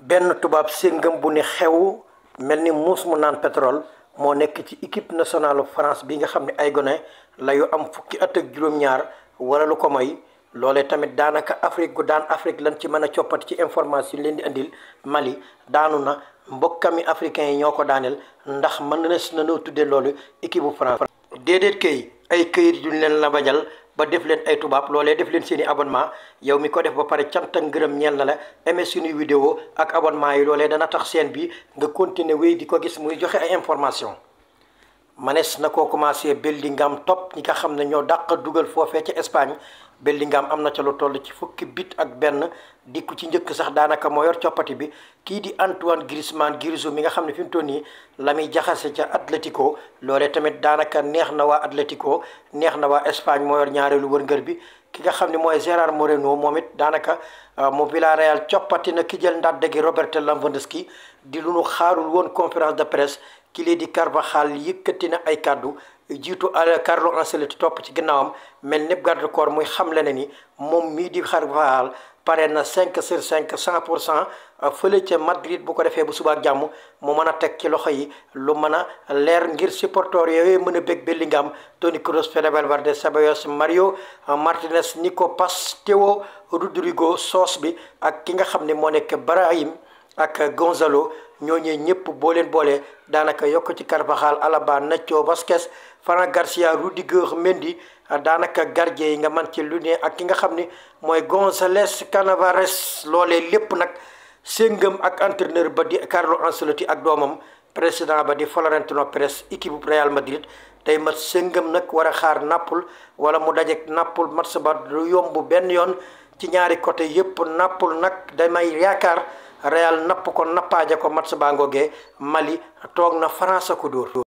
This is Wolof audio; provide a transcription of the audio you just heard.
benn tubaab séngam bu ne xew mel ni muus mu naan pétrole moo nekk ci équipe nationale France bi nga xam ne ay gone la yu am fukki at ak juróom-ñaar wala lu ko moy loole tamit daanaka Afrique gu daan Afrique lan ci mën a coppati ci information leen di indil Mali daanu na mbokkami africain yi ñoo ko daaneel ndax mën na si nanoo tuddee loolu équipe bu France. déedéet kay ay këyit yu ñu leen la bajal ba def leen ay tubaab loolee def leen seen i yow mi ko def ba pare cant ak ngërëm ñeel na la aimé suñuy vidéo ak abonnement yi loolee dana tax seen bi nga continuer wéy di ko gis muy joxe ay information manes na koo commencé Bellingham topp ñi nga xam ne ñoo dàq dugal foofee ca Espagne Bellingham am na ca lu toll ci fukki bit ak benn di ci njëkk sax daanaka moo yor coppati bi kii di Antoine Griezmann Grisou mi nga xam ne fi mu toll nii la muy jaxase ca Atlético loolee tamit daanaka neex na waa Atlético neex na waa Espagne moo yor ñaareelu wërngër bi ki nga xam ne mooy Gérard Moreno moom it daanaka euh, mu Villarreal coppati na ki jël ndàdde gi Robert Lewandowski di lu nu xaarul woon conférence de presse ki lii di Carvajal yëkkati na ay kàddu jiitu Carlo Ancelotti topp ci ginnaawam mel népp garde corps xam xamle ne ni moom mii di Carvajal pare na cinq sur cinq cent pour cent euh, fële ca Madrid bu ko defee bu subaak jàmm mu mën a teg ci loxo yi lu mën a leer ngir supporteur yooyu mën a bég Bellingham Toni Kroos Fede Valverde Ceballos Mario euh, Martinez Nico Pas Théo Rodrigo Sos bi ak ki nga xam ne moo nekk Brahim ak Gonzalo ñooñee ñëpp boo leen boolee daanaka yokk ci Carvajal Alaba Nacho Vasquez Fran Garcia Rudiger Mendy daanaka gardien yi nga man ci lu ne ak ki nga xam ni mooy Gonzalez Cannavares loole lépp nag séngam ak entraîneur ba di Carlo Ancelotti ak doomam président ba di Florentino Perez équipe bu Real Madrid tey mat séngam nag war a xaar Naples wala mu dajeek Naples match ba du yomb benn yoon ci ñaari côté yëpp Naples nag damay yaakaar Real napp ko nappaaje ko match baa ngoogee Mali toog na France ku dóor